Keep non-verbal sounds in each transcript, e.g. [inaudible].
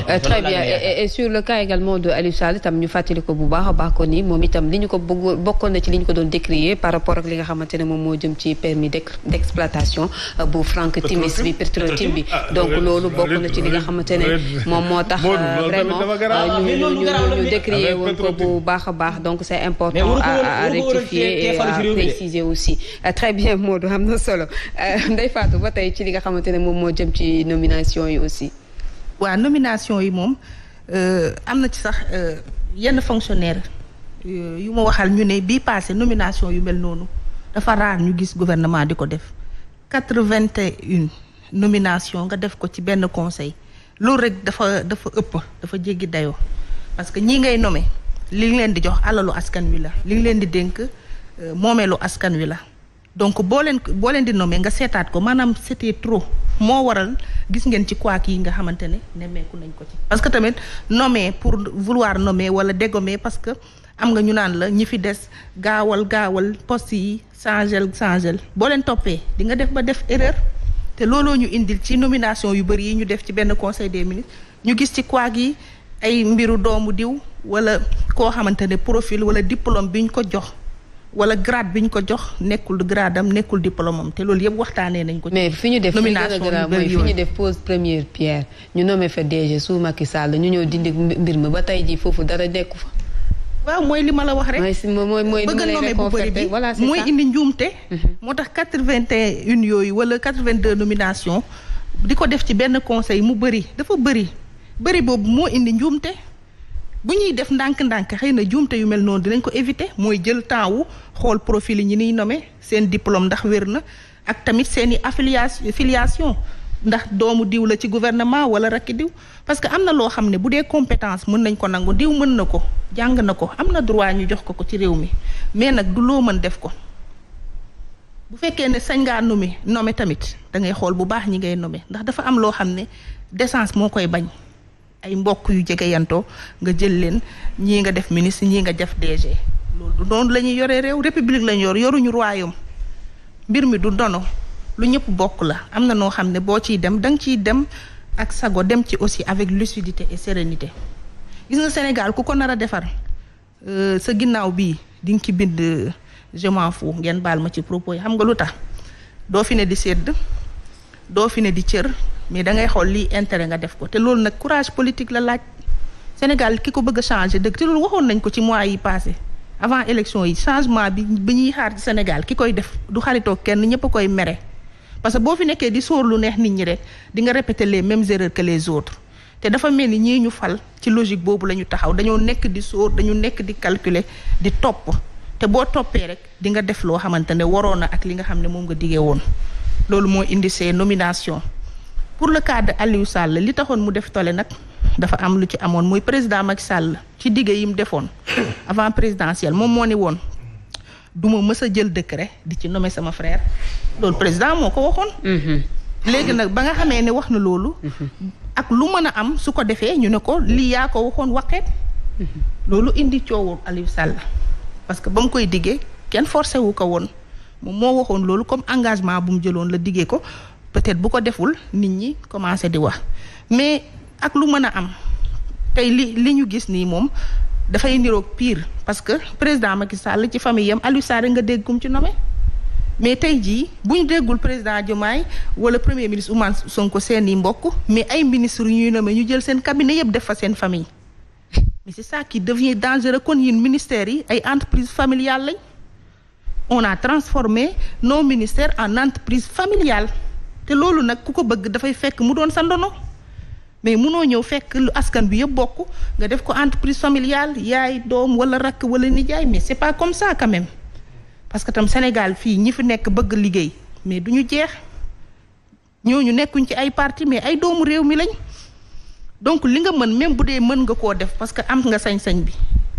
Euh, très bien et sur le cas également de Aliou Sall itam ñu fàttali ko bu baax a baax ko nii moom itam li ñu ko bëgg bokkoon na ci li ñu ko doon décrier par rapport ak li nga xamante ne moom moo jëm ci permis d'exploitation euh, bu Franck Timis bi Petro Tim bi ah, donc loolu bokk na ci li nga xamante ne moom moo tax euh, vraiment ñu ñu ñu décrier woon ko bu baax a baax donc c'est important à rectifier et à préciser aussi très bien Modou am na solo Ndeye Fatou ba tey ci li nga xamante ne moom moo jëm ci nomination yi aussi waa nomination yi moom euh, am na ci sax euh, yenn fonctionnaire euh, yu ma waxal ñu ne bii passé nomination yu mel noonu dafa raar ñu gis gouvernement di ko def quatre-vingt et une nomination nga def ko ci benn conseil loolu rek dafa dafa ëpp dafa jéggi dayo parce que ñii ngay nome li ngi leen di jox alalu askan wi la li ngi leen di dénk moomeelu askan wi la donc boo leen boo leen di nommé nga seetaat ko maanaam c'était trop moo waral gis ngeen ci quoi yi nga xamante ne nemmeeku nañ ko ci. parce que tamit nommer pour vouloir nommer wala dégommer parce que am nga ñu naan la ñi fi des gaawal gaawal post yi changel changel boo leen toppee di nga def ba def erreur te looloo ñu indil ci nomination yu bëri yi ñu def ci benn conseil des ministres ñu gis ci quoi yi ay mbiru doomu diw wala koo xamante ne profil wala diplôme bi ñu ko jox. wala grade bi ñu ko jox nekkul grade am nekkul diplôme am te loolu yëpp waxtaanee nañ ko. mais fi ñu def fi ñu def pose première pierre ñu nommé fa DG sous Macky Sall ñu ñëw dindi mbir ma ba tey jii foofu dara nekku fa. waaw mooy li ma la wax rek. mooy mooy bëgg nommé bu bëri bi mooy indi njuumte. Mhm. moo tax quatre vingt et une yooyu wala quatre vingt deux nomination di ko def ci benn conseil mu bëri dafa bëri bëri boobu moo indi njuumte. bu ñuy def ndànk-ndànk xëy na juumte yu mel noonu dinañ ko éviter mooy jël temps xool profil yi ñu niy nommé seen diplôme ndax wér na ak tamit seen i affiliation filiation ndax doomu diw la ci gouvernement wala rakki diw parce que am na loo xam ne bu dee compétence mën nañ ko nangu diw mën na ko jàng na ko am na droit ñu jox ko ko ci réew mi mais nag du loo mën def ko bu fekkee ne sañ ngaa nommé nommé tamit da ngay xool bu baax ñi ngay nome ndax dafa am loo xam ne décence moo koy bañ ay mbokk yu jege yantoo nga jël leen ñii nga def ministre ñii nga def DG loolu du noonu la ñuy yoree réew république lañ yor yoruñu royaume mbir mi du dono lu ñëpp bokk la am na noo xam ne boo ciy dem da ciy dem ak sago dem ci aussi avec lucidité et sérénité gis nga Sénégal ku ko nar a defar euh, sa ginnaaw bii di nga ci bind je m'en ngeen baal ma ci propos yi xam nga lu tax doo fi ne di sedd doo fi ne di cër mais da ngay xool lii intérêt nga def ko te loolu nag courage politique la laaj Sénégal ki ko bëgg changé changer dëgg te loolu waxoon nañ ko ci mois yi passé avant élection yi changement bi bi ñuy xaar ci Sénégal ki koy def du xaritoo kenn ñëpp koy mere parce que boo fi nekkee di soor lu neex nit ñi rek dinga nga répéter les mêmes que les autres te dafa mel ni ñii ñu fal ci logique boobu la ñu taxaw dañoo nekk di sóor dañu nekk di calculer di topp te boo toppee rek di nga def loo xamante ne waroon na ak li nga xam ne moom nga diggee woon loolu moo indi ces nomination pour le cas de Aliou Sall li taxoon mu def tole nag dafa am lu ci amoon muy président mag Sall ci digg yi mu defoon [coughs] avant présidentielle moom moo ni woon du ma mës a jël décret di ci nommer sama frair loolu président moo ko waxoon. Mhm. léegi nag ba nga xamee ne wax na loolu. Mhm. ak lu mën a am su ko defee ñu ne ko lii yaa ko waxoon waxeet. Mhm. loolu indi coowul Aliou Sall parce que ba mu koy diggee kenn forcé wu ko woon moom moo waxoon loolu comme engagement bu mu jëloon la diggee ko peut-être bu ko deful nit ñi commencé di wax mais ak lu mën a am tey li li ñu gis nii moom dafay niroog pire parce que président Macky Sall ci famille yam Aliou Sarr nga dégg ci nommé mais tey jii bu ñu déggul président Diomaye wala premier ministre Ousmane Sonko seen i mbokk mais ay ministre yu ñuy nommé ñu jël seen cabinet yëpp def fa seen famille [laughs] mais c'est ça qui devient dangereux kon yéen ministères yi ay entreprise familiale lañ on a transformé nos ministères en entreprise familiale te loolu nag ku ko bëgg dafay fekk mu doon sa ndono mais munoo ñëw fekk lu askan bi yëpp bokk nga def ko entreprise familiale yaay doom wala rakk wala nijaay mais c'est pas comme ça quand même parce que tam Sénégal fii ñi fi nekk bëgg liggéey mais du ñu jeex ñooñu nekkuñ ci ay parti mais ay doomu réew mi lañ donc li nga mën même bu dee mën nga koo def parce que am nga sañ-sañ bi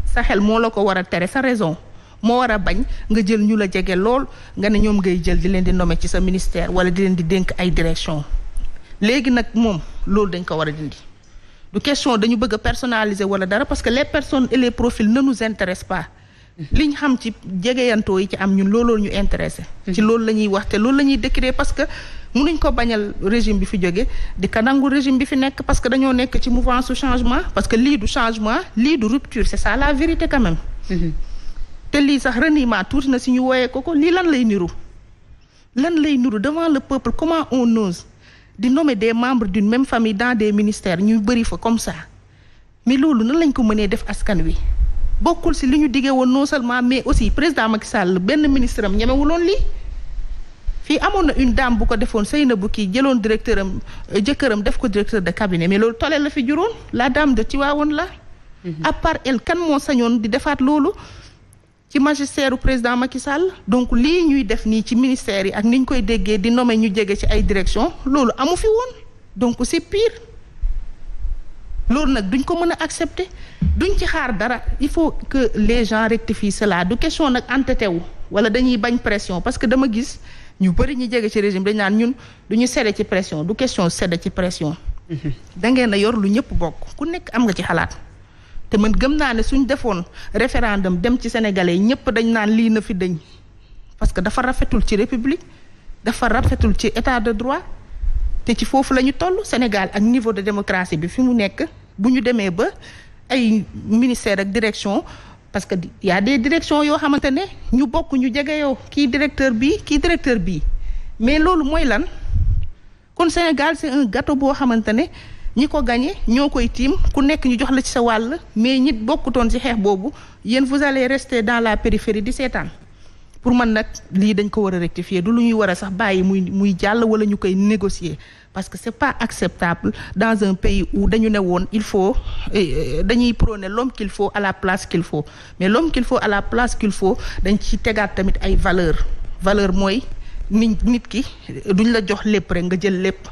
sa xel moo la ko war a tere sa raison moo war a bañ nga jël ñu la jege lool nga ne ñoom ngay jël di leen di nommer ci sa ministère wala di leen di dénk ay direction léegi nag moom loolu dañ ko war a dindi du question dañu bëgg a personnaliser wala dara parce que les personnes et les profils ne nous intéressent pas li ñu xam ci jegeyantoo yi ci am ñu loolool ñu intéressé ci loolu la ñuy wax te loolu la ñuy décrire parce que mënuñ ko bañal régime bi fi jóge di ka nangu régime bi fi nekk parce que dañoo nekk ci mouvance changement parce que lii du changement lii du rupture la vérité quand même mm-hmm. te lii sax reniement tuuti na si ñu wooyee ko ko lii lan lay niru lan lay niru devant le peuple comment on ose di nommer des membres d'une même famille dans des ministères ñu bëri fa comme ça mais loolu nan lañ ko mënee def askan wi bokkul si li ñu diggee woon non seulement mais aussi président Macky Sall benn ministre am ñemewuloon lii fii amoon na une dame bu ko defoon Seynabou kii jëloon directeur am euh, jëkkëram def ko directeur de cabinet mais loolu tole la fi juróon la dame de Tivaouane la mhm. à part elle kan moo sañoon di defaat loolu ci magistère président Macky Sall donc lii ñuy def nii ci ministère yi ak ni ñu koy déggee di nommer ñu jege ci ay direction loolu amu fi woon donc si pire loolu nag duñ ko mën a accepter duñ ci xaar dara il faut que les gens rectifient cela du question nag entêté wu wala dañuy bañ pression parce que dama gis ñu bëri ñu jege ci régime dañ naan ñun du ñu sedde ci pression du question sedde ci pression mhm. da ngeen a yor lu ñëpp bokk ku nekk am nga ci xalaat te man gëm naa ne suñ defoon référendum dem ci sénégalais ñëpp dañ naan lii na fi dañ parce que dafa rafetul ci république dafa rafetul ci état de droit te ci foofu la ñu toll Sénégal ak niveau de démocratie bi fi mu nekk bu ñu demee ba ay ministère ak direction parce que y a des directions yoo xamante ne ñu bokk ñu jege yow kii directeur bi kii directeur bii mais loolu mooy lan kon Sénégal c'est un boo xamante ne ñi ko gagné ñoo koy tiim ku nekk ñu jox la ci sa wàll mais ñi bokkutoon ci xeex boobu yéen vous allez rester dans la périphérie di seetaan pour man nag lii dañ ko war a rectifier du lu ñuy war a sax bàyyi muy muy jàll wala ñu koy négocier parce que c'est pas acceptable dans un pays où dañu ne woon il faut eh, eh, dañuy prôner l'homme qu'il faut à la place qu'il faut mais l'homme qu'il faut à la place qu'il faut dañ ci tegaat tamit ay valeur valeur mooy nit nit ki duñ la jox lépp rek nga jël lépp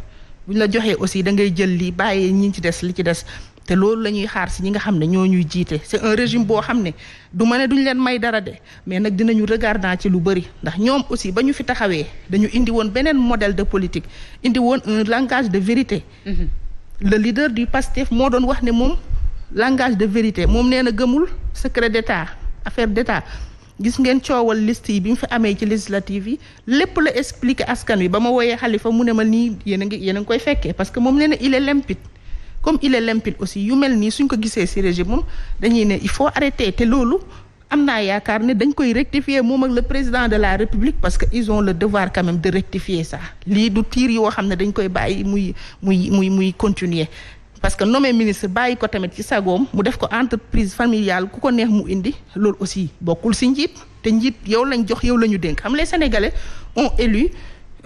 bu ñu la joxee aussi da ngay jël li bàyyi ñi ci des li ci des te loolu la ñuy xaar si ñi nga xam ne ñoo ñuy jiite c'est un régime boo xam ne du ma ne duñ leen may dara de mais nag dinañu regardant ci lu bëri ndax ñoom aussi ba ñu fi taxawee dañu indi woon beneen modelle de politique indi woon un langage de vérité. Mhm. le leader du PASTEF moo doon wax ne moom langage de vérité moom nee na gëmul secret d'État affaire d'État. gis ngeen coowal liste yi bi ñu fi amee ci législative yi lépp la expliquer askan wi ba ma wooyee Xalifa mu ne ma nii yéen a yéen a ngi koy fekkee parce que moom leen na il comme il est aussi yu mel nii suñ ko gisee si régime moom dañuy ne il faut arrêter te loolu am naa yaakaar ne dañ koy rectifier moom ak la président de la république parce que ison ont le devoir quand même de rectifier ça lii du tiir yoo xam ne dañ koy bàyyi muy muy muy muy continuer parce que nommé ministre bàyyi ko tamit ci sagoom mu def ko entreprise familiale ku ko neex mu indi loolu aussi bokkul si njiit te njiit yow lañ jox yow la ñu dénk xam les sénégalais ont élu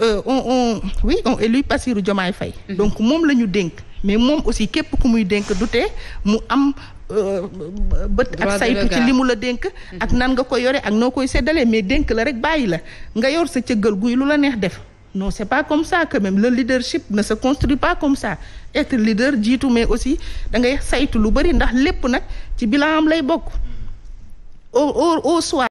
euh, on on oui ont élu Bassirou mhm. donc moom la ñu dénk mais moom aussi képp ku muy dénk du te mu am euh, bët ak saytu ci li mu la dénk ak mhm. nan nga ko yore ak noo koy seddalee mais dénk la rek bàyyi la nga yor sa cëggal guy lu la neex def non c'est pas comme ça quand même le leadership ne se construit pas comme ça être leader jiitu mais aussi dangay saytu lu bëri ndax lépp nag ci bilan am lay bokk au au soir